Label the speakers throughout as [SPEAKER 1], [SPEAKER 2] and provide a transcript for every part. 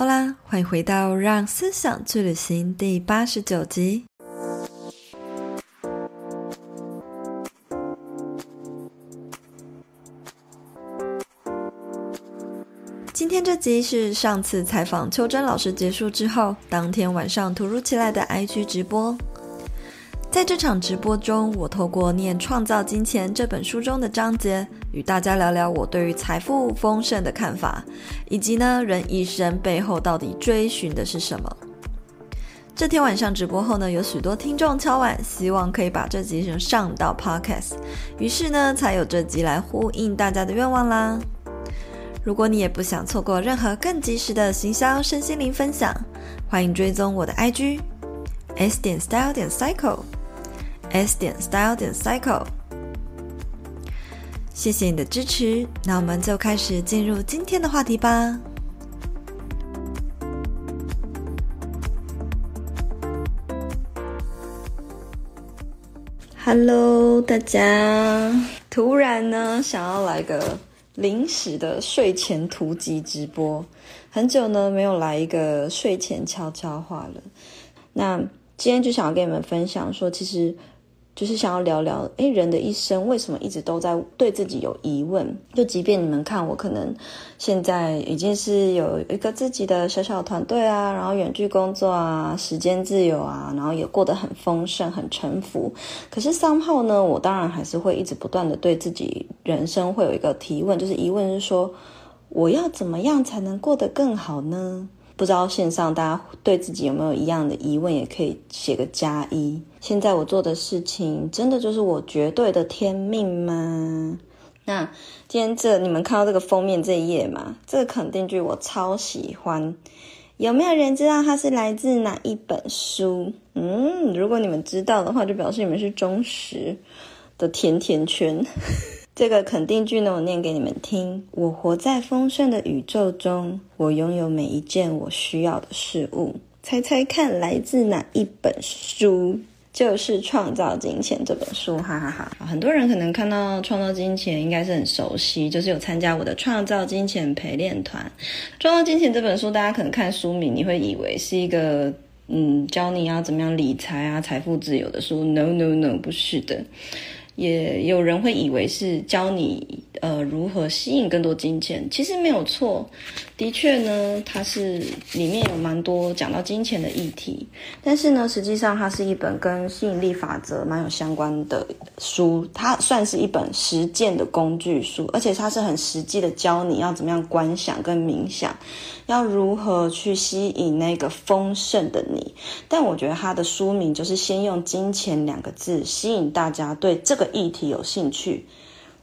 [SPEAKER 1] 好啦，Hola, 歡迎回到《讓思想去旅行》第八十九集。今天這集是上次採訪秋榛老師結束之後，當天晚上突如其來的 IG 直播。在這場直播中，我透過念《創造金錢》這本書中的章節，與大家聊聊我對於財富豐盛的看法，以及呢人一生背後到底追尋的是什麼。這天晚上直播後呢，有許多聽眾敲碗，希望可以把這集上到 Podcast，於是呢才有這集來呼應大家的願望啦。如果你也不想錯過任何更及時的行銷身心靈分享，歡迎追蹤我的 IG s 點 style 點 cycle。S 點 style 點 cycle，謝謝你的支持，那我們就開始進入今天的話題吧。Hello，大家，突然呢想要來個臨時的睡前突擊直播，很久呢沒有來一個睡前悄悄話了，那今天就想要跟你們分享說，其實。就是想要聊聊，欸，人的一生為什麼一直都在對自己有疑問？就即便你們看我，可能現在已經是有一個自己的小小團隊啊，然後遠距工作啊，時間自由啊，然後也過得很豐盛、很沉浮。可是三號呢，我當然還是會一直不斷地對自己人生會有一個提問，就是疑問是說，我要怎麼樣才能過得更好呢？不知道線上大家對自己有沒有一樣的疑問，也可以寫個加一。現在我做的事情真的就是我絕對的天命嗎？那今天這你們看到這個封面這一頁嗎？這個肯定句我超喜歡，有沒有人知道它是來自哪一本書？嗯，如果你們知道的話，就表示你們是忠實的甜甜圈。這個肯定句呢，我念給你們聽。我活在豐盛的宇宙中，我擁有每一件我需要的事物。猜猜看，來自哪一本書？就是《創造金錢》這本書，哈哈哈哈。很多人可能看到《創造金錢》，應該是很熟悉，就是有參加我的創造金錢陪練團《創造金錢》陪練團。《創造金錢》這本書，大家可能看書名，你會以為是一個嗯，教你要怎麼樣理財啊、財富自由的書。No，No，No，no, no, 不是的。也有人會以為是教你。呃，如何吸引更多金錢？其實沒有錯，的確呢，它是裡面有蠻多講到金錢的議題。但是呢，實際上它是一本跟吸引力法則蠻有相關的書，它算是一本實踐的工具書，而且它是很實際的教你要怎麼樣觀想跟冥想，要如何去吸引那個豐盛的你。但我覺得它的書名就是先用金錢兩個字，吸引大家對這個議題有興趣。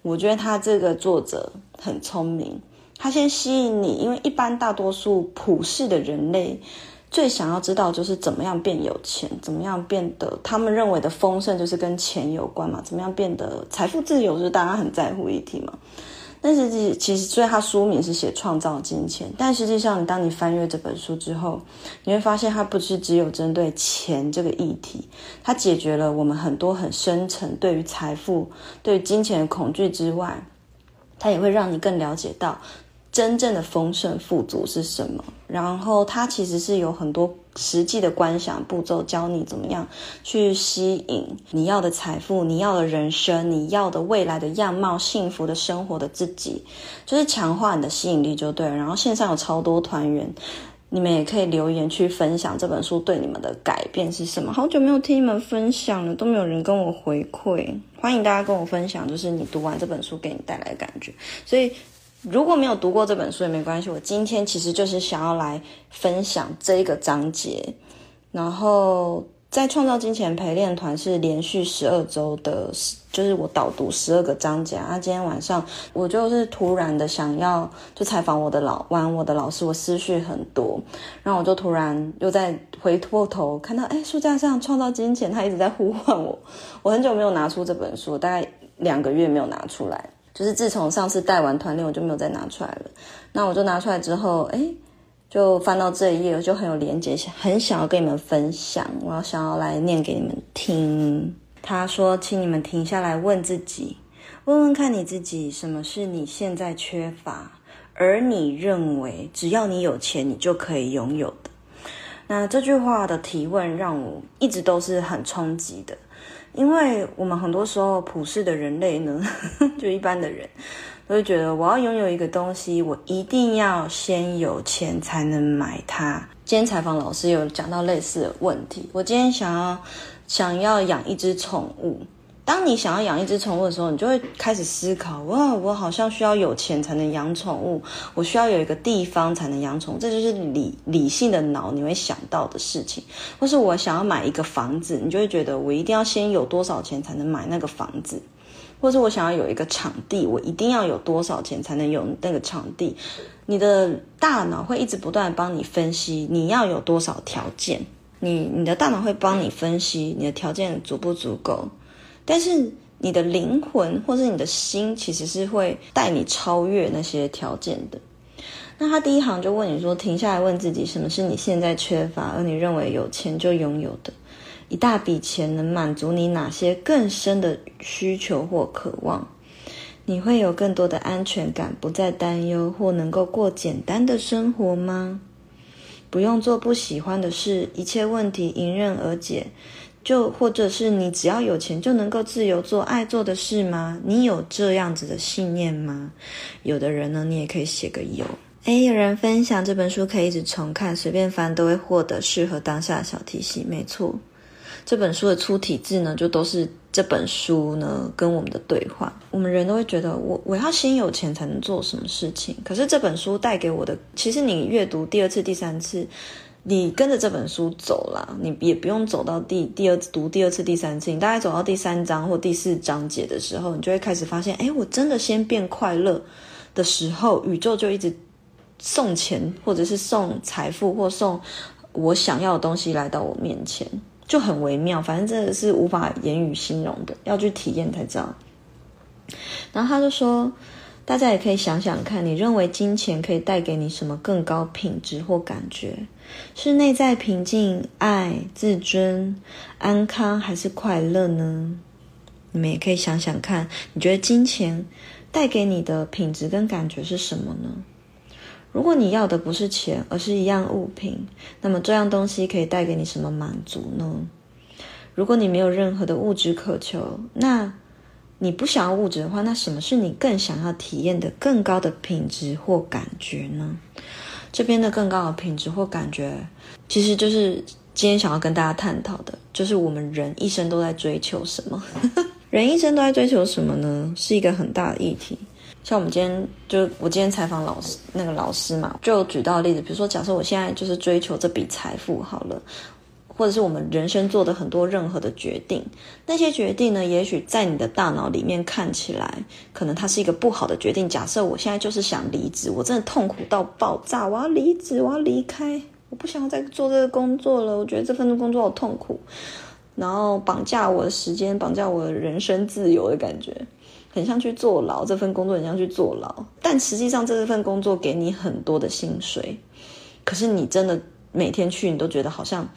[SPEAKER 1] 我覺得他這個作者很聰明，他先吸引你，因為一般大多數普世的人類，最想要知道就是怎麼樣變有錢，怎麼樣變得他們認為的豐盛就是跟錢有關嘛，怎麼樣變得財富自由就是大家很在乎議題嘛。但是這其實，所以它書名是寫創造金錢，但實際上，當你翻閱這本書之後，你會發現它不是只有針對錢這個議題，它解決了我們很多很深層對於財富、對於金錢的恐懼之外，它也會讓你更了解到。真正的豐盛富足是什麼？然後它其實是有很多實際的觀想步驟，教你怎麼樣去吸引你要的財富、你要的人生、你要的未來的樣貌、幸福的生活的自己，就是強化你的吸引力就對了。然後線上有超多團員，你們也可以留言去分享這本書對你們的改變是什麼？好久沒有聽你們分享了，都沒有人跟我回饋，歡迎大家跟我分享，就是你讀完這本書給你帶來的感覺。所以。如果沒有讀過這本書也沒關係，我今天其實就是想要來分享這一個章節。然後在創造金錢陪練團是連續十二周的，就是我導讀十二個章節。那、啊、今天晚上我就是突然的想要就採訪我的老，玩我的老師，我思緒很多，然後我就突然又在回過頭，頭看到，哎，書架上創造金錢，他一直在呼喚我。我很久沒有拿出這本書，大概兩個月沒有拿出來。就是自從上次帶完團練，我就沒有再拿出來了。那我就拿出來之後，哎，就翻到這一頁，我就很有連接，很想要跟你們分享。我要想要來念給你們聽。他說：“請你們停下來，問自己，問問看你自己，什麼是你現在缺乏，而你認為只要你有錢，你就可以擁有的。”那這句話的提問，讓我一直都是很衝擊的。因為我們很多時候普世的人類呢，就一般的人都會覺得，我要擁有一個東西，我一定要先有錢才能買它。今天採訪老師有講到類似的問題，我今天想要想要養一隻寵物。當你想要養一隻寵物的時候，你就會開始思考：哇，我好像需要有錢才能養寵物，我需要有一個地方才能養寵物，這就是理理性的腦，你會想到的事情。或是我想要買一個房子，你就會覺得我一定要先有多少錢才能買那個房子，或是我想要有一個場地，我一定要有多少錢才能有那個場地。你的大腦會一直不斷地幫你分析你要有多少條件，你你的大腦會幫你分析你的條件足不足夠。但是你的靈魂或是你的心其實是會帶你超越那些條件的。那他第一行就問你說：停下來問自己，什麼是你現在缺乏而你認為有錢就擁有的？一大筆錢能滿足你哪些更深的需求或渴望？你會有更多的安全感，不再擔憂，或能夠過簡單的生活嗎？不用做不喜歡的事，一切問題迎刃而解。就或者是你只要有錢就能夠自由做愛做的事嗎？你有這樣子的信念嗎？有的人呢，你也可以寫個有。誒，有人分享這本書可以一直重看，隨便翻都會獲得適合當下的小提示。沒錯，這本書的粗體字呢，就都是這本書呢跟我們的對話。我們人都會覺得我我要先有錢才能做什麼事情，可是這本書帶給我的，其實你閱讀第二次、第三次。你跟着這本書走了，你也不用走到第第二讀第二次、第三次，你大概走到第三章或第四章節的時候，你就會開始發現，哎，我真的先變快樂的時候，宇宙就一直送錢，或者是送財富，或送我想要的東西來到我面前，就很微妙，反正真的是無法言語形容的，要去體驗才知道。然後他就說。大家也可以想想看，你認為金錢可以帶給你什麼更高品質或感覺？是內在平靜、愛、自尊、安康，還是快樂呢？你們也可以想想看，你覺得金錢帶給你的品質跟感覺是什麼呢？如果你要的不是錢，而是一樣物品，那麼這樣東西可以帶給你什麼滿足呢？如果你沒有任何的物質渴求，那……你不想要物質的話，那什麼是你更想要體驗的更高的品質或感覺呢？這邊的更高的品質或感覺，其實就是今天想要跟大家探討的，就是我們人一生都在追求什麼？ 人一生都在追求什麼呢？是一個很大的議題。像我們今天就我今天採訪老師，那個老師嘛，就舉到例子，比如說假設我現在就是追求這筆財富好了。或者是我們人生做的很多任何的決定，那些決定呢，也許在你的大腦裡面看起來，可能它是一個不好的決定。假設我現在就是想離職，我真的痛苦到爆炸，我要離職，我要離開，我不想要再做這個工作了。我覺得這份工作好痛苦，然後綁架我的時間，綁架我的人身自由的感覺，很像去坐牢。這份工作很像去坐牢，但實際上這份工作給你很多的薪水，可是你真的每天去，你都覺得好像。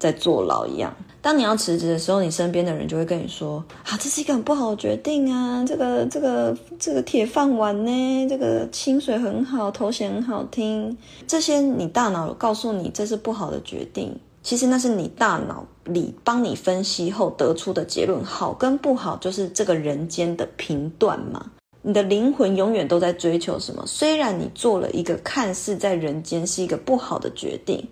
[SPEAKER 1] 在坐牢一樣。當你要辭職的時候，你身邊的人就會跟你說：“啊，這是一個很不好的決定啊，這個、這個、這個鐵飯碗呢，這個薪水很好，頭銜很好聽。”這些你大腦告訴你這是不好的決定，其實那是你大腦裡幫你分析後得出的結論。好跟不好，就是這個人間的評斷嘛。你的靈魂永遠都在追求什麼？雖然你做了一個看似在人間是一個不好的決定。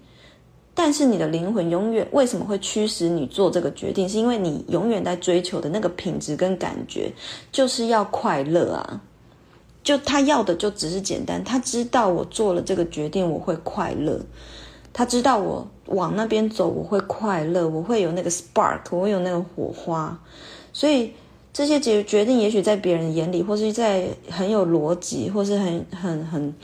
[SPEAKER 1] 但是你的靈魂永遠為什麼會驅使你做這個決定？是因為你永遠在追求的那個品質跟感覺，就是要快樂啊！就他要的就只是簡單，他知道我做了這個決定我會快樂，他知道我往那邊走我會快樂，我會有那個 spark，我會有那個火花。所以這些決決定，也許在別人眼裡，或是，在很有邏輯，或是很很很。很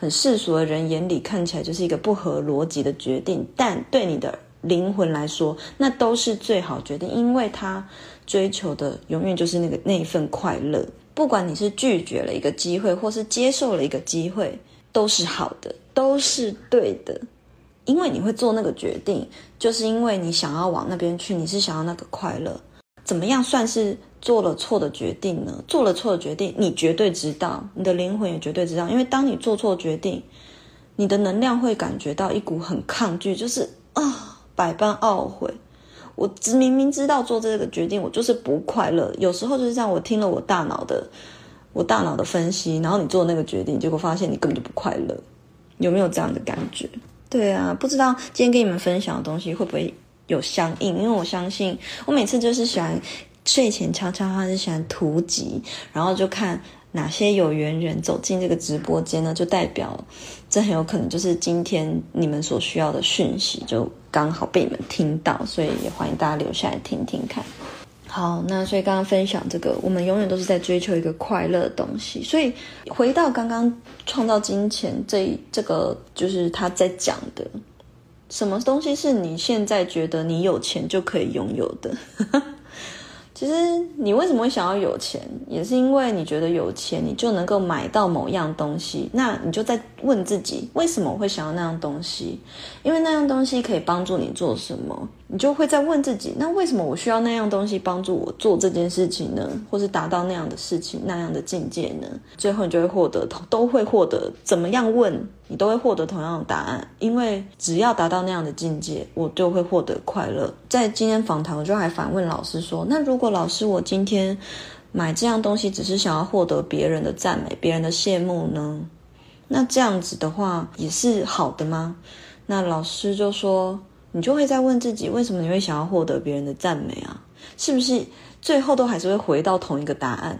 [SPEAKER 1] 很世俗的人眼裡看起來就是一個不合邏輯的決定，但對你的靈魂來說，那都是最好決定，因為他追求的永遠就是那個那一份快樂。不管你是拒絕了一個機會，或是接受了一個機會，都是好的，都是對的。因為你會做那個決定，就是因為你想要往那邊去，你是想要那個快樂。怎麼樣算是做了錯的決定呢？做了錯的決定，你絕對知道，你的靈魂也絕對知道。因為當你做錯決定，你的能量會感覺到一股很抗拒，就是啊、哦，百般懊悔。我明明明知道做這個決定，我就是不快樂。有時候就是這樣，我聽了我大腦的，我大腦的分析，然後你做那個決定，結果發現你根本就不快樂。有沒有這樣的感覺？對啊，不知道今天跟你們分享的東西會不會。有相應，因為我相信，我每次就是喜歡睡前悄悄話，是喜歡突擊，然後就看哪些有緣人走進這個直播間呢，就代表這很有可能就是今天你們所需要的訊息，就剛好被你們聽到，所以也歡迎大家留下來聽聽看。好，那所以剛剛分享這個，我們永遠都是在追求一個快樂的東西，所以回到剛剛創造金錢這這個，就是他在講的。什麼東西是你現在覺得你有錢就可以擁有的？ 其實你為什麼會想要有錢，也是因為你覺得有錢你就能夠買到某樣東西，那你就在。問自己為什麼我會想要那樣東西？因為那樣東西可以幫助你做什麼？你就會再問自己，那為什麼我需要那樣東西幫助我做這件事情呢？或是達到那樣的事情、那樣的境界呢？最後你就會獲得，都會獲得，怎麼樣問你都會獲得同樣的答案。因為只要達到那樣的境界，我就會獲得快樂。在今天訪談，我就還反問老師說：“那如果老師我今天買這樣東西，只是想要獲得別人的讚美、別人的羨慕呢？”那這樣子的話也是好的嗎？那老師就說，你就會再問自己，為什麼你會想要獲得別人的讚美啊？是不是最後都還是會回到同一個答案？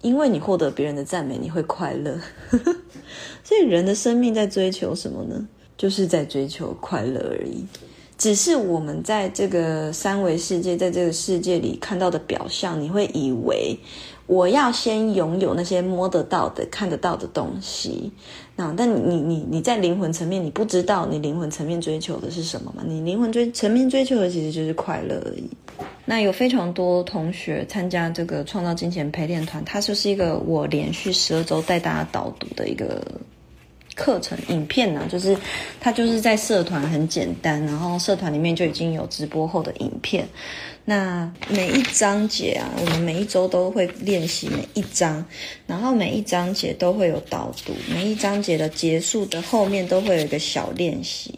[SPEAKER 1] 因為你獲得別人的讚美，你會快樂。 所以人的生命在追求什麼呢？就是在追求快樂而已。只是我們在這個三維世界，在這個世界裡看到的表象，你會以為。我要先擁有那些摸得到的、看得到的東西，那、no, 但你你你，你在靈魂層面，你不知道你靈魂層面追求的是什麼嘛？你靈魂追層面追求的其實就是快樂而已。那有非常多同學參加這個創造金錢陪練團，它就是，是一個我連續十二周帶大家導讀的一個課程影片呢、啊，就是它就是在社團很簡單，然後社團裡面就已經有直播後的影片。那每一章節啊，我們每一周都會練習每一章，然後每一章節都會有導讀，每一章節的結束的後面都會有一個小練習，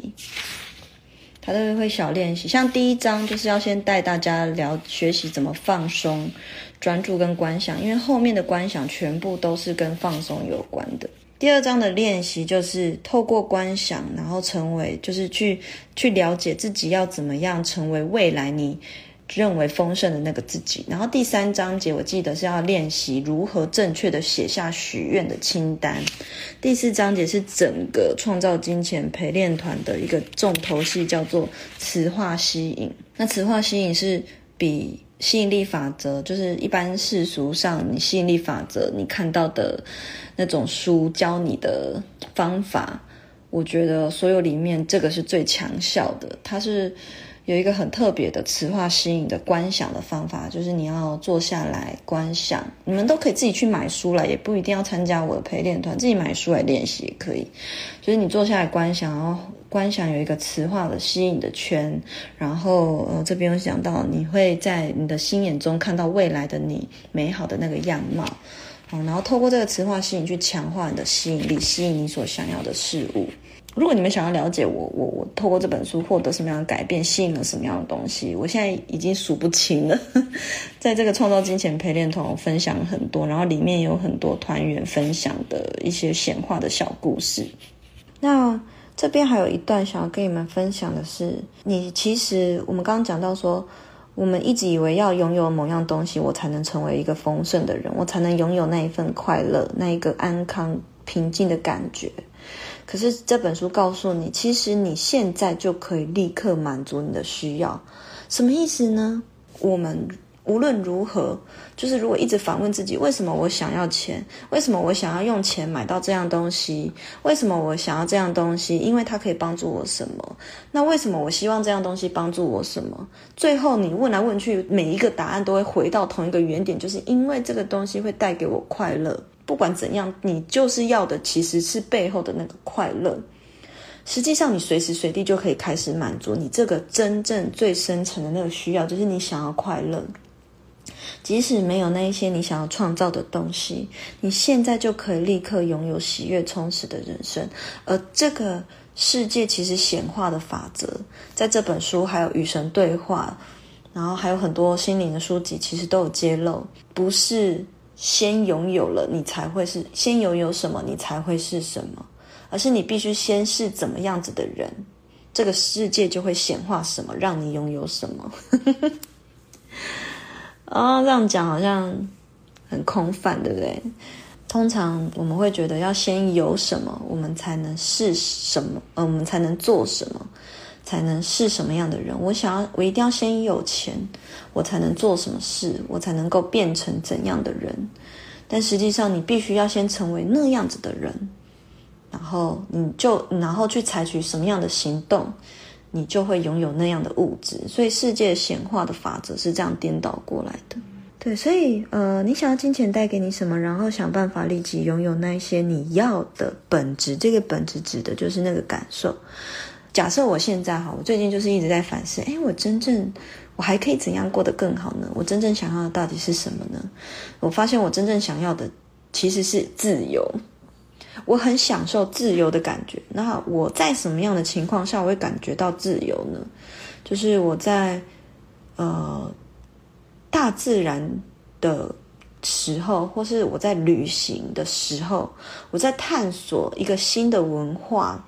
[SPEAKER 1] 它都會小練習。像第一章就是要先帶大家聊學習怎麼放鬆、專注跟觀想，因為後面的觀想全部都是跟放鬆有關的。第二章的練習就是透過觀想，然後成為，就是去去了解自己要怎麼樣成為未來你認為豐盛的那個自己。然後第三章節我記得是要練習如何正確的寫下許願的清單。第四章節是整個創造金錢陪練團的一個重頭戲，叫做磁化吸引。那磁化吸引是比。吸引力法則就是一般世俗上，你吸引力法則你看到的那種書教你的方法，我覺得所有裡面這個是最強效的，它是。有一個很特別的磁化吸引的觀想的方法，就是你要坐下來觀想，你們都可以自己去買書來，也不一定要參加我的陪練團，自己買書來練習也可以。就是你坐下來觀想，然後觀想有一個磁化的吸引的圈，然後，呃，哦，這邊有講到你會在你的心眼中看到未來的你美好的那個樣貌。嗯，然後透過這個磁化吸引去強化你的吸引力，吸引你所想要的事物。如果你們想要了解我，我我透過這本書獲得什麼樣的改變，吸引了什麼樣的東西，我現在已經數不清了。在這個創造金錢陪練團我分享很多，然後裡面有很多團員分享的一些顯化的小故事。那這邊還有一段想要跟你們分享的是，你其實我們剛剛講到說，我們一直以為要擁有某樣東西，我才能成為一個豐盛的人，我才能擁有那一份快樂，那一個安康平靜的感覺。可是這本書告訴你，其實你現在就可以立刻滿足你的需要。什麼意思呢？我們無論如何，就是如果一直反問自己，為什麼我想要錢？為什麼我想要用錢買到這樣東西？為什麼我想要這樣東西？因為它可以幫助我什麼？那為什麼我希望這樣東西幫助我什麼？最後你問來問去，每一個答案都會回到同一個原點，就是因為這個東西會帶給我快樂。不管怎樣，你就是要的，其實是背後的那個快樂。實際上，你隨時隨地就可以開始滿足你這個真正最深層的那個需要，就是你想要快樂。即使沒有那一些你想要創造的東西，你現在就可以立刻擁有喜悅充實的人生。而這個世界其實顯化的法則，在這本書，還有與神對話，然後還有很多心靈的書籍，其實都有揭露，不是，先擁有了，你才會是；先擁有什麼，你才會是什麼。而是你必須先是怎麼樣子的人，這個世界就會顯化什麼，讓你擁有什麼。 哦，這樣講好像很空泛，對不對？通常我們會覺得要先有什麼，我們才能是什麼，嗯、呃，我們才能做什麼。才能是什麼樣的人？我想要，我一定要先有錢，我才能做什麼事，我才能夠變成怎樣的人。但實際上，你必須要先成為那樣子的人，然後你就，然後去採取什麼樣的行動，你就會擁有那樣的物質。所以，世界顯化的法則是這樣顛倒過來的。對，所以呃，你想要金錢帶給你什麼，然後想辦法立即擁有那一些你要的本質。這個本質指的就是那個感受。假設我現在哈，我最近就是一直在反思，哎，我真正，我還可以怎樣過得更好呢？我真正想要的到底是什麼呢？我發現我真正想要的其實是自由，我很享受自由的感覺。那我在什麼樣的情況下我會感覺到自由呢？就是我在呃大自然的時候，或是我在旅行的時候，我在探索一個新的文化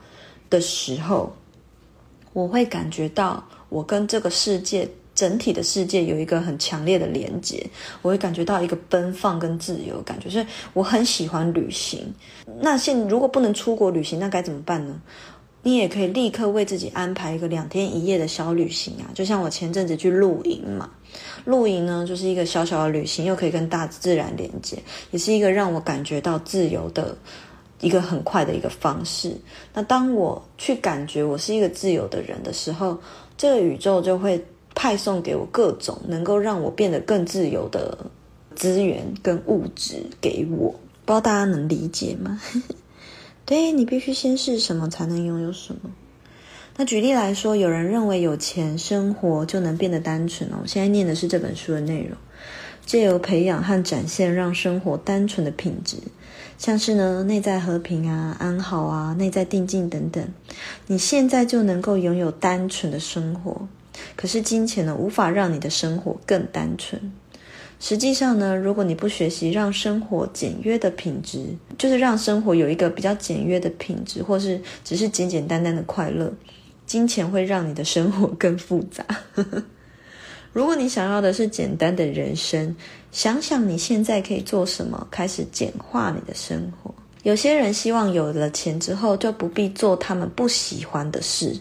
[SPEAKER 1] 的時候。我會感覺到我跟這個世界、整體的世界有一個很強烈的連接，我會感覺到一個奔放跟自由的感覺，所以我很喜歡旅行。那現如果不能出國旅行，那該怎麼辦呢？你也可以立刻為自己安排一個兩天一夜的小旅行啊，就像我前陣子去露營嘛。露營呢，就是一個小小的旅行，又可以跟大自然連接，也是一個讓我感覺到自由的一個很快的一個方式。那當我去感覺我是一個自由的人的時候，這個宇宙就會派送給我各種能夠讓我變得更自由的資源跟物質給我。不知道大家能理解嗎？ 對，你必須先是什麼才能擁有什麼。那舉例來說，有人認為有錢，生活就能變得單純哦。我現在念的是這本書的內容，借由培養和展現讓生活單純的品質。像是呢，內在和平啊、安好啊、內在定靜等等，你現在就能夠擁有單純的生活。可是金錢呢，無法讓你的生活更單純。實際上呢，如果你不學習讓生活簡約的品質，就是讓生活有一個比較簡約的品質，或是只是簡簡單單的快樂，金錢會讓你的生活更複雜。 如果你想要的是簡單的人生。想想你現在可以做什麼，開始簡化你的生活。有些人希望有了錢之後就不必做他們不喜歡的事。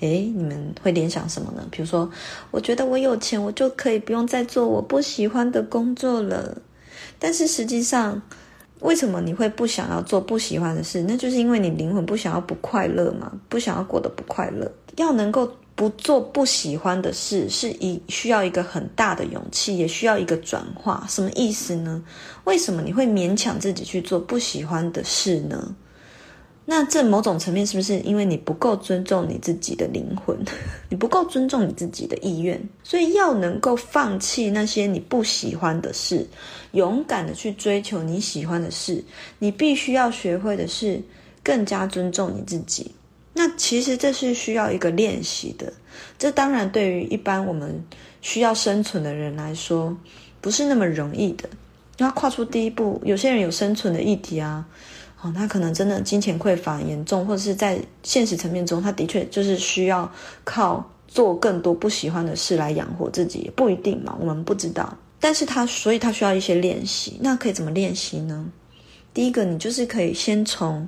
[SPEAKER 1] 誒，你們會聯想什麼呢？比如說，我覺得我有錢，我就可以不用再做我不喜歡的工作了。但是實際上，為什麼你會不想要做不喜歡的事？那就是因為你靈魂不想要不快樂嘛，不想要過得不快樂。要能夠。不做不喜歡的事，是一需要一個很大的勇氣，也需要一個轉化。什麼意思呢？為什麼你會勉強自己去做不喜歡的事呢？那這某種層面是不是因為你不夠尊重你自己的靈魂，你不夠尊重你自己的意願？所以要能夠放棄那些你不喜歡的事，勇敢的去追求你喜歡的事，你必須要學會的是更加尊重你自己。那其實這是需要一個練習的，這當然對於一般我們需要生存的人來說，不是那麼容易的。要跨出第一步，有些人有生存的議題啊，哦，他可能真的金錢匱乏嚴重，或者是在現實層面中，他的確就是需要靠做更多不喜歡的事來養活自己，不一定嘛，我們不知道。但是他，所以他需要一些練習。那可以怎麼練習呢？第一個，你就是可以先從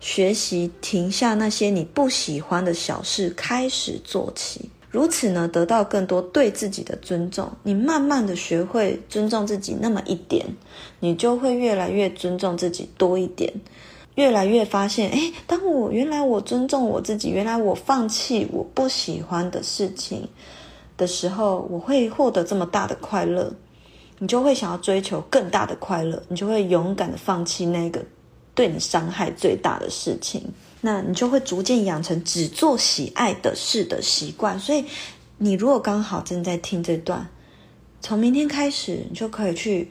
[SPEAKER 1] 學習停下那些你不喜歡的小事開始做起，如此呢，得到更多對自己的尊重。你慢慢的學會尊重自己那麼一點，你就會越來越尊重自己多一點，越來越發現，誒，當我原來我尊重我自己，原來我放棄我不喜歡的事情的時候，我會獲得這麼大的快樂。你就會想要追求更大的快樂，你就會勇敢的放棄那個對你傷害最大的事情，那你就會逐漸養成只做喜愛的事的習慣。所以，你如果剛好正在聽這段，從明天開始，你就可以去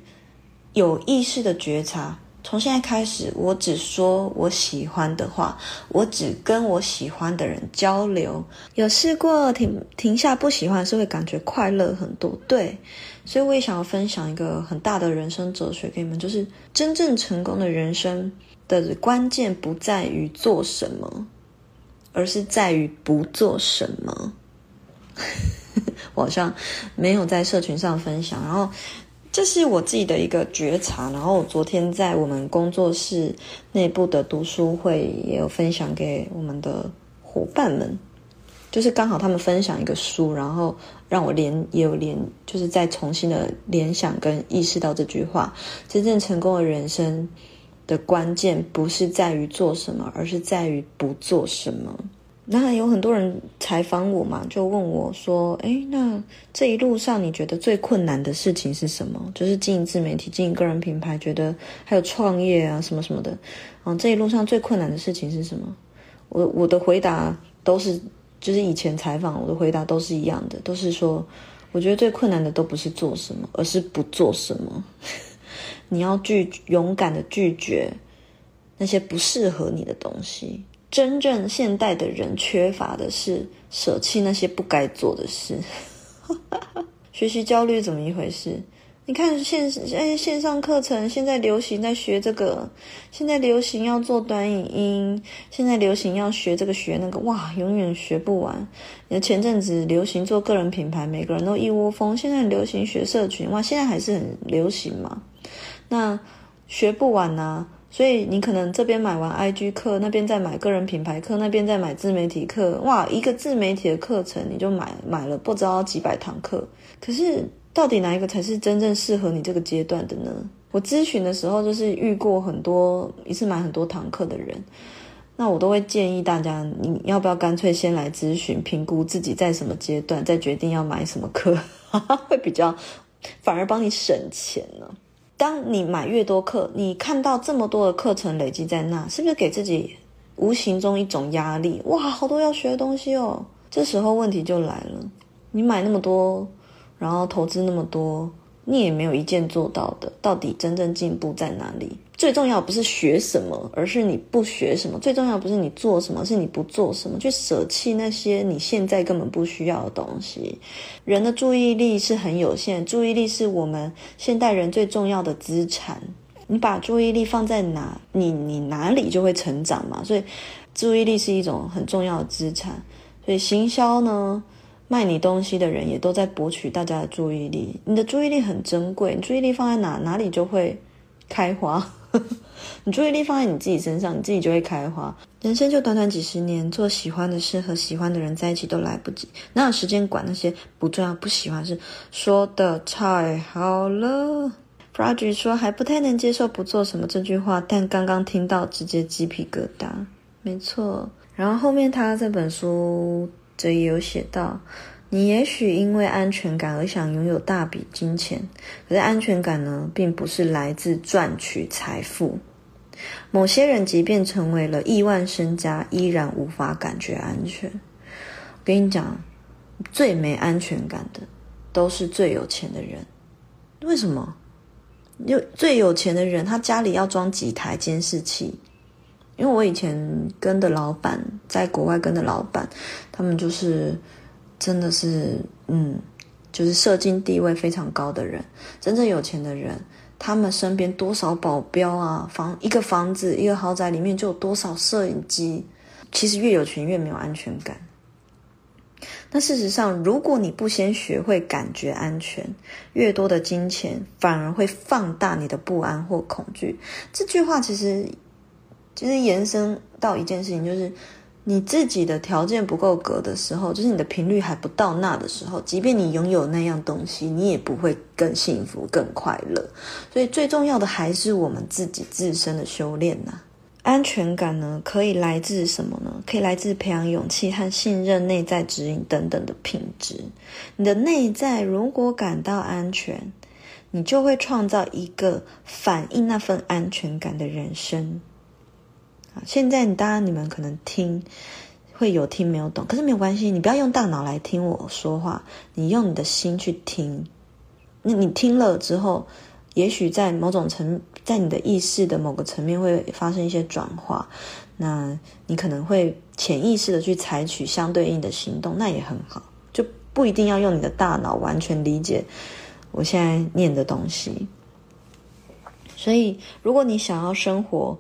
[SPEAKER 1] 有意識的覺察。從現在開始，我只說我喜歡的話，我只跟我喜歡的人交流。有試過停停下，不喜歡是會感覺快樂很多，對。所以我也想要分享一個很大的人生哲學給你們，就是真正成功的人生的關鍵不在於做什麼，而是在於不做什麼。 我好像沒有在社群上分享，然後。這是我自己的一個覺察，然後我昨天在我們工作室內部的讀書會也有分享給我們的夥伴們，就是剛好他們分享一個書，然後讓我聯也有聯，就是再重新的聯想跟意識到這句話：真正成功的人生的關鍵不是在於做什麼，而是在於不做什麼。那有很多人採訪我嘛，就問我說：“哎，那這一路上你覺得最困難的事情是什麼？就是經營自媒體，經營個人品牌，覺得還有創業啊什麼什麼的。嗯，這一路上最困難的事情是什麼？我我的回答都是，就是以前採訪我的回答都是一樣的，都是說，我覺得最困難的都不是做什麼，而是不做什麼。 你要拒，勇敢的拒絕那些不適合你的東西。”真正現代的人缺乏的是捨棄那些不該做的事。 學習焦慮怎麼一回事？你看線哎，線上課程現在流行在學這個，現在流行要做短影音，現在流行要學這個學那個，哇，永遠學不完。前陣子流行做個人品牌，每個人都一窩蜂。現在流行學社群，哇，現在還是很流行嘛。那學不完呢、啊？所以你可能這邊買完 IG 課，那邊再買個人品牌課，那邊再買自媒體課，哇，一個自媒體的課程你就買買了不知道幾百堂課。可是到底哪一個才是真正適合你這個階段的呢？我諮詢的時候就是遇過很多一次買很多堂課的人，那我都會建議大家，你要不要乾脆先來諮詢評估自己在什麼階段，再決定要買什麼課，哈哈，會比較反而幫你省錢呢、啊？當你買越多課，你看到這麼多的課程累積在那，是不是給自己無形中一種壓力？哇，好多要學的東西哦。這時候問題就來了，你買那麼多，然後投資那麼多，你也沒有一件做到的，到底真正進步在哪裡？最重要不是學什麼，而是你不學什麼。最重要不是你做什麼，是你不做什麼，去捨棄那些你現在根本不需要的東西。人的注意力是很有限，注意力是我們現代人最重要的資產。你把注意力放在哪，你你哪裡就會成長嘛。所以，注意力是一種很重要的資產。所以行銷呢，賣你東西的人也都在博取大家的注意力。你的注意力很珍貴，你注意力放在哪，哪裡就會開花。 你注意力放在你自己身上，你自己就會開花。人生就短短幾十年，做喜歡的事和喜歡的人在一起都來不及，哪有時間管那些不重要、不喜歡的事？說得太好了。Frage 說還不太能接受不做什麼這句話，但剛剛聽到直接雞皮疙瘩。沒錯，然後後面他這本書這裡有寫到。你也許因為安全感而想擁有大筆金錢，可是安全感呢，並不是來自賺取財富。某些人即便成為了億萬身家，依然無法感覺安全。我跟你講，最沒安全感的都是最有錢的人。為什麼？因為最有錢的人，他家裡要裝幾台監視器。因為我以前跟的老闆，在國外跟的老闆，他們就是。真的是，嗯，就是社經地位非常高的人，真正有錢的人，他們身邊多少保鏢啊，房一個房子一個豪宅裡面就有多少攝影機，其實越有錢越沒有安全感。那事實上，如果你不先學會感覺安全，越多的金錢反而會放大你的不安或恐懼。這句話其實其實延伸到一件事情，就是。你自己的條件不夠格的時候，就是你的頻率還不到那的時候。即便你擁有那樣東西，你也不會更幸福、更快樂。所以最重要的還是我們自己自身的修煉吶、啊。安全感呢，可以來自什麼呢？可以來自培養勇氣和信任、內在指引等等的品質。你的內在如果感到安全，你就會創造一個反映那份安全感的人生。現在，當然你們可能聽會有聽沒有懂，可是沒有關係，你不要用大腦來聽我說話，你用你的心去聽。那你聽了之後，也許在某種層，在你的意識的某個層面會發生一些轉化。那你可能會潛意識的去採取相對應的行動，那也很好，就不一定要用你的大腦完全理解我現在念的東西。所以，如果你想要生活，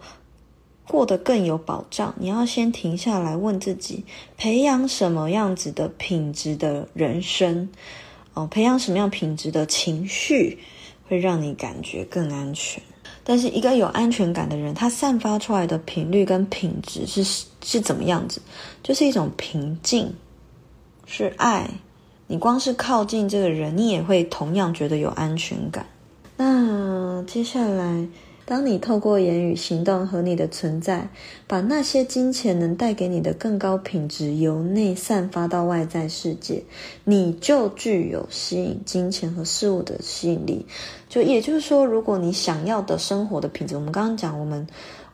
[SPEAKER 1] 過得更有保障，你要先停下來問自己，培養什麼樣子的品質的人生？哦，培養什麼樣品質的情緒，會讓你感覺更安全。但是，一個有安全感的人，他散發出來的頻率跟品質是是怎麼樣子？就是一種平靜，是愛。你光是靠近這個人，你也會同樣覺得有安全感。那接下來。當你透過言語、行動和你的存在，把那些金錢能帶給你的更高品質由內散發到外在世界，你就具有吸引金錢和事物的吸引力。就也就是說，如果你想要的生活的品質，我們剛剛講我們。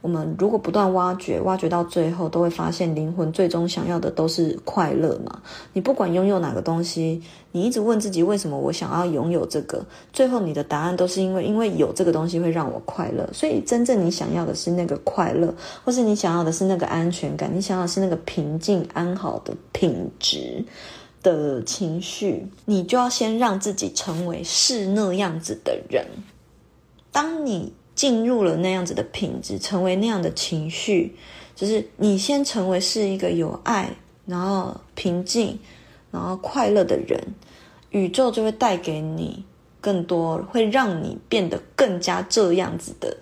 [SPEAKER 1] 我們如果不斷挖掘，挖掘到最後，都會發現靈魂最終想要的都是快樂嘛。你不管擁有哪個東西，你一直問自己為什麼我想要擁有這個，最後你的答案都是因為因為有這個東西會讓我快樂。所以真正你想要的是那個快樂，或是你想要的是那個安全感，你想要的是那個平靜安好的品質的情緒，你就要先讓自己成為是那樣子的人。當你。進入了那樣子的品質，成為那樣的情緒，就是你先成為是一個有愛、然後平靜、然後快樂的人，宇宙就會帶給你更多，會讓你變得更加這樣子的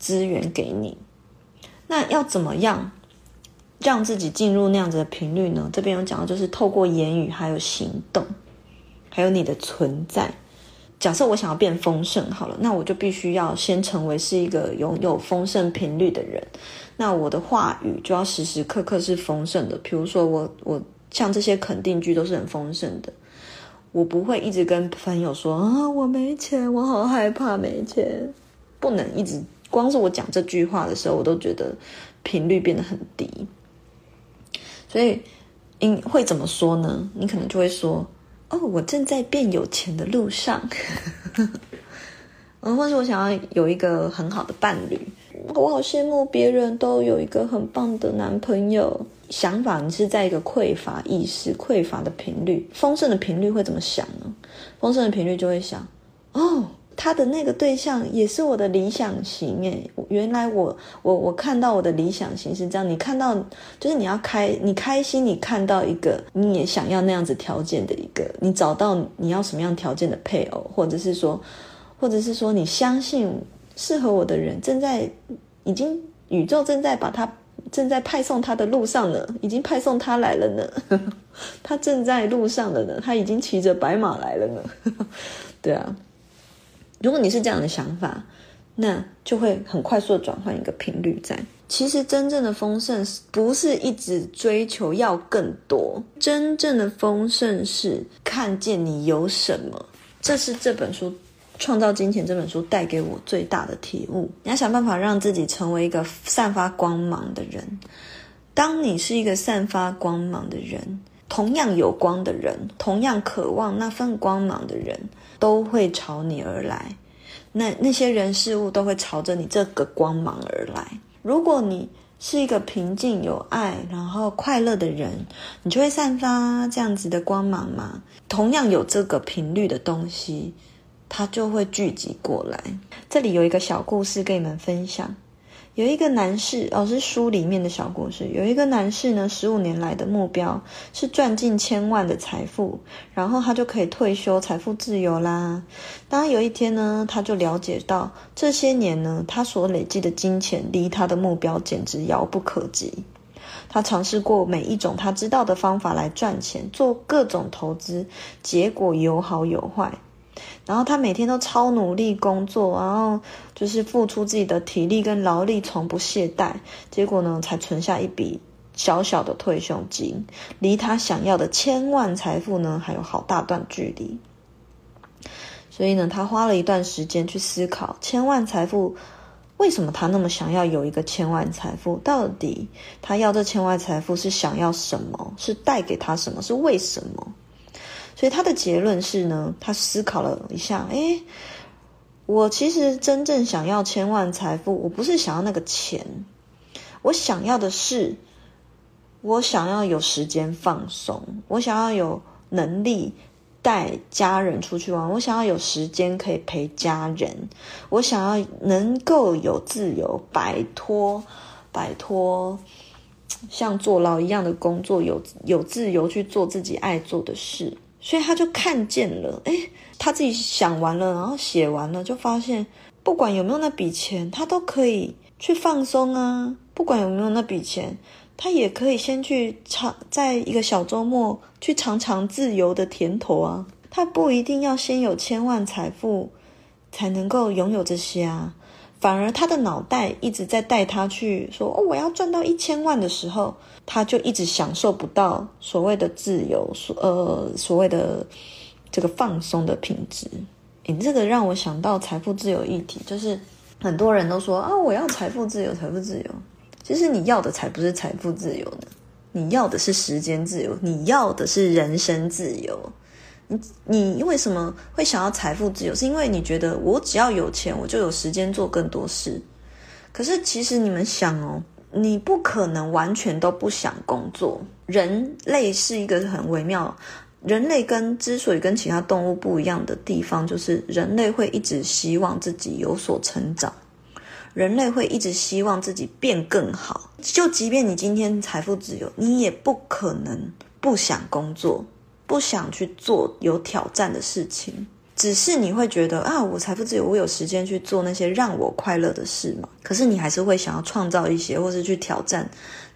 [SPEAKER 1] 資源給你。那要怎麼樣讓自己進入那樣子的頻率呢？這邊有講到，就是透過言語、還有行動，還有你的存在。假設我想要變豐盛，好了，那我就必須要先成為是一個擁有豐盛頻率的人。那我的話語就要時時刻刻是豐盛的。比如說我，我我像這些肯定句都是很豐盛的。我不會一直跟朋友說啊、哦，我沒錢，我好害怕沒錢，不能一直光是我講這句話的時候，我都覺得頻率變得很低。所以，應會怎麼說呢？你可能就會說。哦，我正在變有錢的路上，嗯， 或者我想要有一個很好的伴侶，我好羨慕別人都有一個很棒的男朋友。想法你是在一個匱乏意識、匱乏的頻率，豐盛的頻率會怎麼想呢？豐盛的頻率就會想，哦。他的那個對象也是我的理想型誒，原來我我我看到我的理想型是這樣，你看到就是你要開你開心，你看到一個你也想要那樣子條件的一個，你找到你要什麼樣條件的配偶，或者是說，或者是說你相信適合我的人正在已經宇宙正在把他正在派送他的路上呢，已經派送他來了呢，呵呵他正在路上了呢，他已經騎着白馬來了呢，呵呵對啊。如果你是這樣的想法，那就會很快速的轉換一個頻率在。在其實，真正的豐盛不是一直追求要更多，真正的豐盛是看見你有什麼。這是這本書《創造金錢》這本書帶給我最大的體悟。你要想辦法讓自己成為一個散發光芒的人。當你是一個散發光芒的人。同樣有光的人，同樣渴望那份光芒的人，都會朝你而來。那那些人事物都會朝着你這個光芒而來。如果你是一個平靜、有愛、然後快樂的人，你就會散發這樣子的光芒嘛。同樣有這個頻率的東西，它就會聚集過來。這裡有一個小故事跟你們分享。有一個男士，哦，是書裡面的小故事。有一個男士呢，十五年來的目標是賺進千萬的財富，然後他就可以退休，財富自由啦。當然，有一天呢，他就了解到這些年呢，他所累積的金錢離他的目標簡直遙不可及。他嘗試過每一種他知道的方法來賺錢，做各種投資，結果有好有壞。然後他每天都超努力工作，然後就是付出自己的體力跟勞力，從不懈怠。結果呢，才存下一筆小小的退休金，離他想要的千萬財富呢，還有好大段距離。所以呢，他花了一段時間去思考：千萬財富，為什麼他那麼想要有一個千萬財富？到底他要這千萬財富是想要什麼？是帶給他什麼？是為什麼？所以他的結論是呢，他思考了一下，誒、欸，我其實真正想要千萬財富，我不是想要那個錢，我想要的是，我想要有時間放鬆，我想要有能力帶家人出去玩，我想要有時間可以陪家人，我想要能夠有自由，擺脫擺脫像坐牢一樣的工作，有有自由去做自己愛做的事。所以他就看見了，誒，他自己想完了，然後寫完了，就發現不管有沒有那筆錢，他都可以去放鬆啊；不管有沒有那筆錢，他也可以先去嘗，在一個小週末去嘗嘗自由的甜頭啊。他不一定要先有千萬財富，才能夠擁有這些啊。反而他的腦袋一直在帶他去說哦，我要賺到一千萬的時候，他就一直享受不到所謂的自由所、呃、所謂的這個放鬆的品質。你這個讓我想到財富自由議題，就是很多人都說啊、哦，我要財富自由，財富自由。其實你要的才不是財富自由呢，你要的是時間自由，你要的是人生自由。你為什麼會想要財富自由？是因為你覺得我只要有錢，我就有時間做更多事。可是其實你們想哦，你不可能完全都不想工作。人類是一個很微妙，人類跟之所以跟其他動物不一樣的地方，就是人類會一直希望自己有所成長，人類會一直希望自己變更好。就即便你今天財富自由，你也不可能不想工作。不想去做有挑戰的事情，只是你會覺得啊，我財富自由，我有時間去做那些讓我快樂的事嘛。可是你還是會想要創造一些，或是去挑戰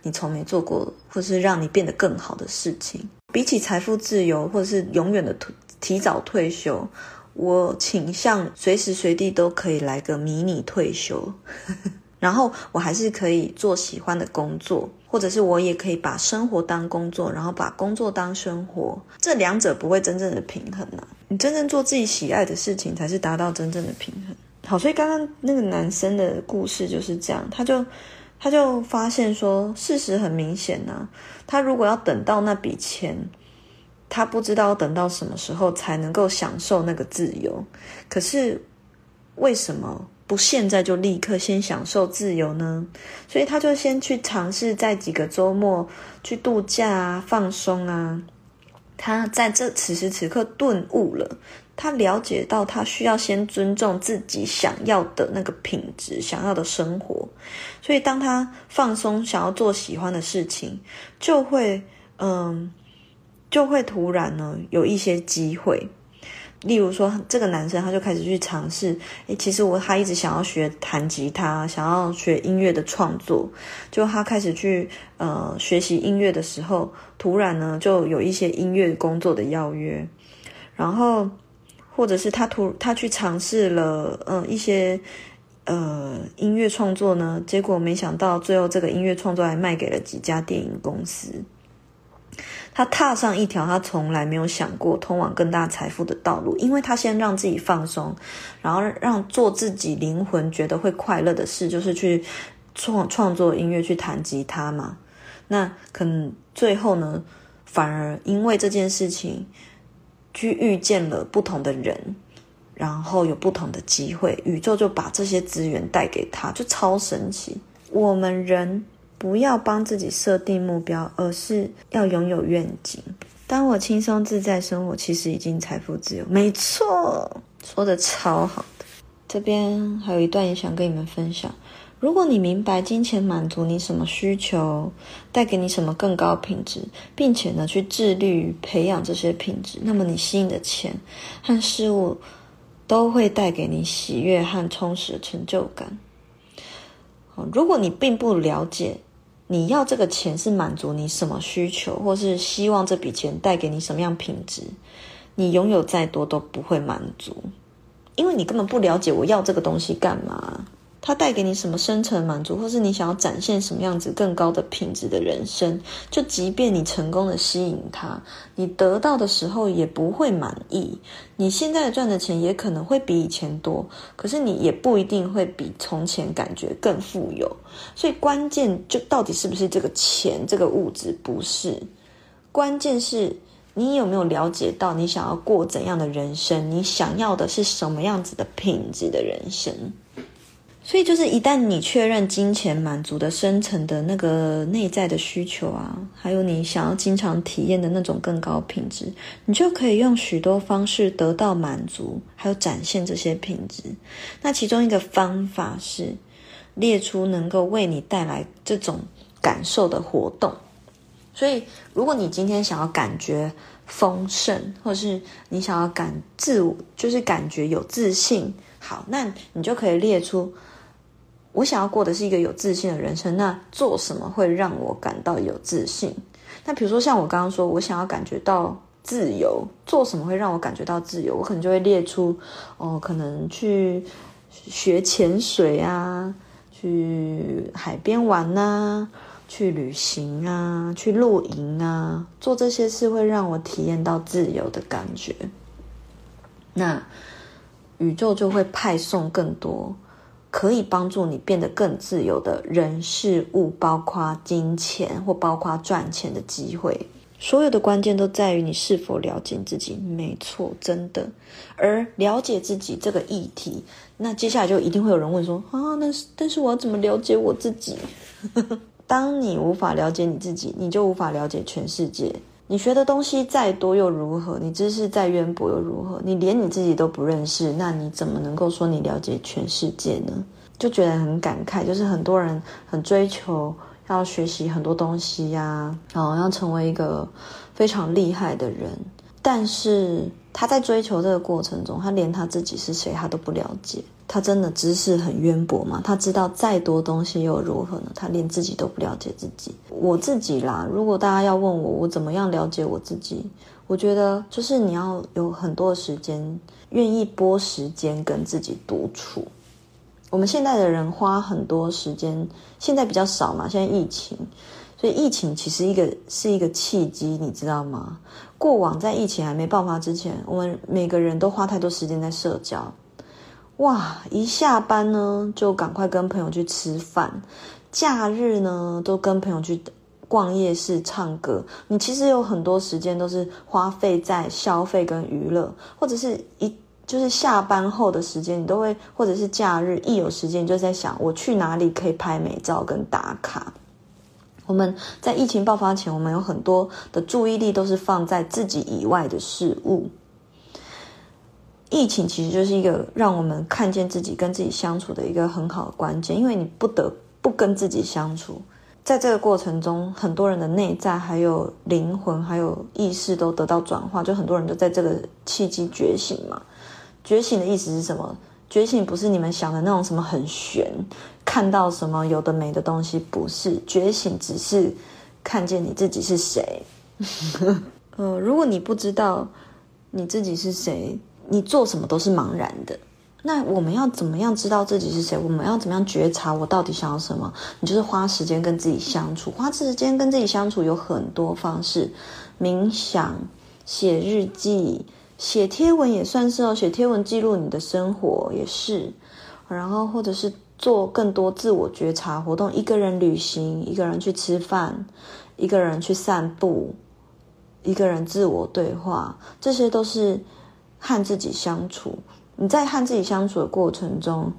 [SPEAKER 1] 你從沒做過，或是讓你變得更好的事情。比起財富自由，或是永遠的提早退休，我傾向隨時隨地都可以來個迷你退休。 然後我還是可以做喜歡的工作，或者是我也可以把生活當工作，然後把工作當生活，這兩者不會真正的平衡啊。你真正做自己喜愛的事情，才是達到真正的平衡。好，所以剛剛那個男生的故事就是這樣，他就他就發現說，事實很明顯呢、啊，他如果要等到那筆錢，他不知道等到什麼時候才能夠享受那個自由，可是為什麼？不，現在就立刻先享受自由呢？所以他就先去嘗試，在幾個周末去度假啊，放鬆啊。他在這此時此刻頓悟了，他了解到他需要先尊重自己想要的那個品質、想要的生活。所以，當他放鬆，想要做喜歡的事情，就會嗯，就會突然呢有一些機會。例如說，這個男生他就開始去嘗試，欸、其實我他一直想要學彈吉他，想要學音樂的創作。就他開始去呃學習音樂的時候，突然呢就有一些音樂工作的邀約，然後或者是他突他去嘗試了呃一些呃音樂創作呢，結果沒想到最後這個音樂創作還賣給了幾家電影公司。他踏上一條他從來沒有想過通往更大財富的道路，因為他先讓自己放鬆，然後讓做自己靈魂覺得會快樂的事，就是去創創作音樂、去彈吉他嘛。那可能最後呢，反而因為這件事情去遇見了不同的人，然後有不同的機會，宇宙就把這些資源帶給他，就超神奇。我們人。不要幫自己設定目標，而是要擁有願景。當我輕鬆自在生活，其實已經財富自由。沒錯，說的超好的。這邊還有一段也想跟你們分享：如果你明白金錢滿足你什麼需求，帶給你什麼更高品質，並且呢去致力於培養這些品質，那麼你吸引的錢和事物都會帶給你喜悅和充實的成就感。好，如果你並不了解，你要這個錢是滿足你什麼需求，或是希望這筆錢帶給你什麼樣品質？你擁有再多都不會滿足，因為你根本不了解我要這個東西幹嘛。它帶給你什麼深層滿足，或是你想要展現什麼樣子更高的品質的人生？就即便你成功的吸引他，你得到的時候也不會滿意。你現在賺的錢也可能會比以前多，可是你也不一定會比從前感覺更富有。所以關鍵就到底是不是這個錢這個物質？不是，關鍵是你有沒有了解到你想要過怎樣的人生？你想要的是什麼樣子的品質的人生？所以，就是一旦你確認金錢滿足的深層的那個內在的需求啊，還有你想要經常體驗的那種更高品質，你就可以用許多方式得到滿足，還有展現這些品質。那其中一個方法是列出能夠為你帶來這種感受的活動。所以，如果你今天想要感覺豐盛，或是你想要感自我，就是感覺有自信，好，那你就可以列出。我想要過的是一個有自信的人生，那做什麼會讓我感到有自信？那比如說，像我剛剛說，我想要感覺到自由，做什麼會讓我感覺到自由？我可能就會列出，哦，可能去學潛水啊，去海邊玩啊，去旅行啊，去露營啊，做這些事會讓我體驗到自由的感覺。那宇宙就會派送更多。可以幫助你變得更自由的人事物，包括金錢或包括賺錢的機會。所有的關鍵都在於你是否了解自己，沒錯，真的。而了解自己這個議題，那接下來就一定會有人問說：啊，那是，但是我要怎麼了解我自己？ 當你無法了解你自己，你就無法了解全世界。你學的東西再多又如何？你知識再淵博又如何？你連你自己都不認識，那你怎麼能夠說你了解全世界呢？就覺得很感慨，就是很多人很追求要學習很多東西呀，啊，然後要成為一個非常厲害的人。但是他在追求這個過程中，他連他自己是誰，他都不了解。他真的知識很淵博嗎？他知道再多東西又如何呢？他連自己都不了解自己。我自己啦，如果大家要問我，我怎麼樣了解我自己？我覺得就是你要有很多時間，願意撥時間跟自己獨處。我們現在的人花很多時間，現在比較少嘛，現在疫情。所以疫情其實一個是一個契機，你知道嗎？過往在疫情還沒爆發之前，我們每個人都花太多時間在社交。哇，一下班呢就趕快跟朋友去吃飯，假日呢都跟朋友去逛夜市、唱歌。你其實有很多時間都是花費在消費跟娛樂，或者是一就是下班後的時間，你都會或者是假日一有時間你就在想，我去哪裡可以拍美照跟打卡。我們在疫情爆發前，我們有很多的注意力都是放在自己以外的事物。疫情其實就是一個讓我們看見自己跟自己相處的一個很好的關鍵，因為你不得不跟自己相處。在這個過程中，很多人的內在、還有靈魂、還有意識都得到轉化，就很多人都在這個契機覺醒嘛。覺醒的意思是什麼？覺醒不是你們想的那種什麼很玄，看到什麼有的沒的東西。不是覺醒，只是看見你自己是誰。 呃，如果你不知道你自己是誰，你做什麼都是茫然的。那我們要怎麼樣知道自己是誰？我們要怎麼樣覺察我到底想要什麼？你就是花時間跟自己相處，花時間跟自己相處有很多方式：冥想、寫日記。寫貼文也算是哦，寫貼文記錄你的生活也是，然後或者是做更多自我覺察活動，一個人旅行，一個人去吃飯，一個人去散步，一個人自我對話，這些都是和自己相處。你在和自己相處的過程中。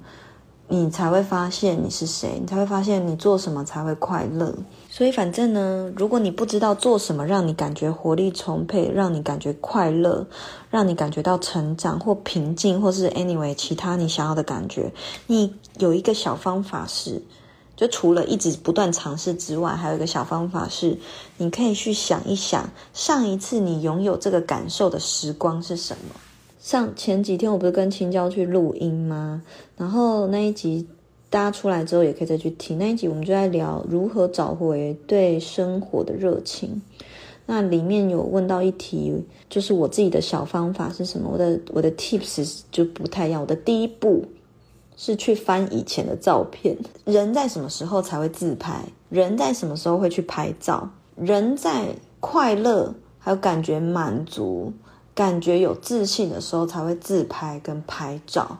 [SPEAKER 1] 你才會發現你是誰，你才會發現你做什麼才會快樂。所以反正呢，如果你不知道做什麼讓你感覺活力充沛，讓你感覺快樂，讓你感覺到成長或平靜，或是 anyway 其他你想要的感覺，你有一個小方法是，就除了一直不斷嘗試之外，還有一個小方法是，你可以去想一想上一次你擁有這個感受的時光是什麼？像前幾天我不是跟秋榛去錄音嗎？然後那一集大家出來之後，也可以再去聽那一集。我們就在聊如何找回對生活的熱情。那裡面有問到一題，就是我自己的小方法是什麼？我的我的 tips 就不太一樣。我的第一步是去翻以前的照片。人在什麼時候才會自拍？人在什麼時候會去拍照？人在快樂，還有感覺滿足。感覺有自信的時候才會自拍跟拍照，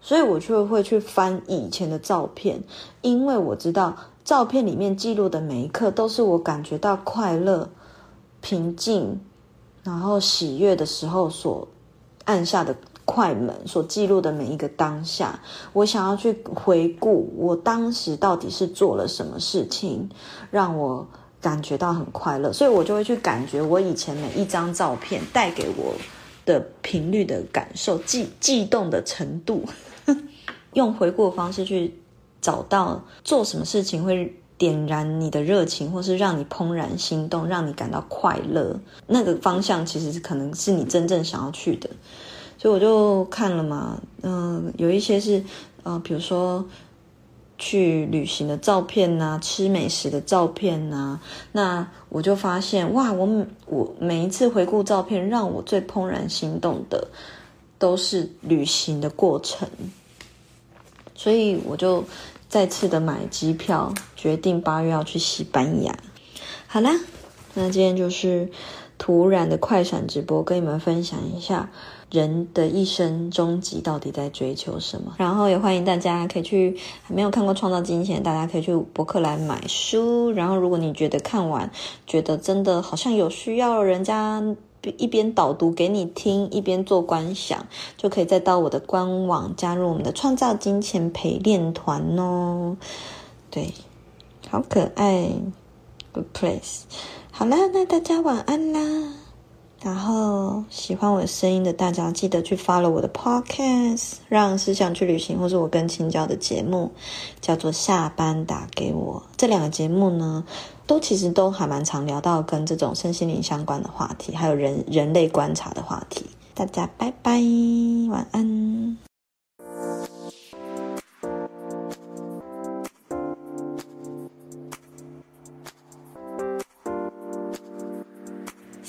[SPEAKER 1] 所以我就會去翻以前的照片，因為我知道照片裡面記錄的每一刻都是我感覺到快樂、平靜，然後喜悅的時候所按下的快門，所記錄的每一個當下。我想要去回顧我當時到底是做了什麼事情，讓我感覺到很快樂，所以我就會去感覺我以前每一張照片帶給我的頻率的感受、激激動的程度， 用回顧的方式去找到做什麼事情會點燃你的熱情，或是讓你怦然心動，讓你感到快樂。那個方向其實可能是你真正想要去的，所以我就看了嘛，嗯、呃，有一些是，嗯、呃，比如說。去旅行的照片啊，吃美食的照片啊，那我就發現，哇，我，我每一次回顧照片，讓我最怦然心動的都是旅行的過程，所以我就再次的買機票，決定八月要去西班牙。好啦，那今天就是突然的快閃直播，跟你們分享一下。人的一生終極到底在追求什麼？然後也歡迎大家可以去還沒有看過《創造金錢》，大家可以去博客來買書。然後如果你覺得看完覺得真的好像有需要，人家一邊導讀給你聽，一邊做觀想，就可以再到我的官網加入我們的創造金錢陪練團哦。對，好可愛，Good place。好啦，那大家晚安啦。然後喜歡我的聲音的大家，記得去 follow 我的 podcast，讓思想去旅行，或是我跟青椒的節目，叫做下班打給我。這兩個節目呢，都其實都還蠻常聊到跟這種身心靈相關的話題，還有人人類觀察的話題。大家拜拜，晚安。